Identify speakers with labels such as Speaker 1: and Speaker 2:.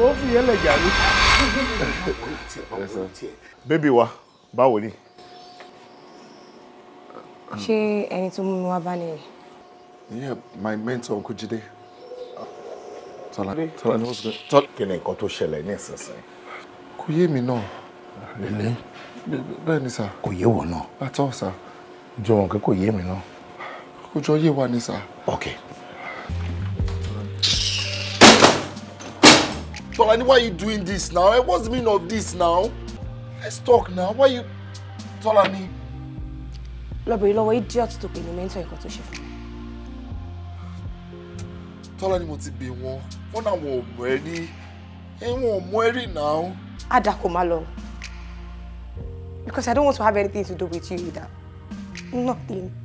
Speaker 1: ó fi yẹn lẹ̀ jàre. bébì wa báwo ni.
Speaker 2: ṣé ẹni tó mú mi wá bá
Speaker 1: nìyẹn. yeah my mentor uncle Jide. Tọ́lá Tọ́lá ni wọ́n sọ Tọ́lá. kí ni nǹkan tó ṣẹlẹ̀ ní ìsinsìnyí.
Speaker 3: kò yé mi náà. lélẹ̀. bẹ́ẹ̀ ni sà. kò yé wọ náà. àtọ́ sà. jọ̀wọ́n kí kò yé mi náà.
Speaker 4: kò jọ yé wa ni sà.
Speaker 3: ok
Speaker 5: Tolani, why are you doing this now? Eh, what's the meaning of this now? Let's talk now. Why you... Tolani.
Speaker 6: Lọ́bìnrin lọ́wọ́ idiot tó pè ní mẹ́ńtọ̀ nǹkan tó ṣe to mi.
Speaker 5: Tolani mo ti bẹ̀ wọ́n. Wọ́n náà wọn ò mọ ẹ rí. Ẹ̀wọ̀n now. Ada kò má lọ.
Speaker 2: Because I don't want to have anything to do with you either. Nothing.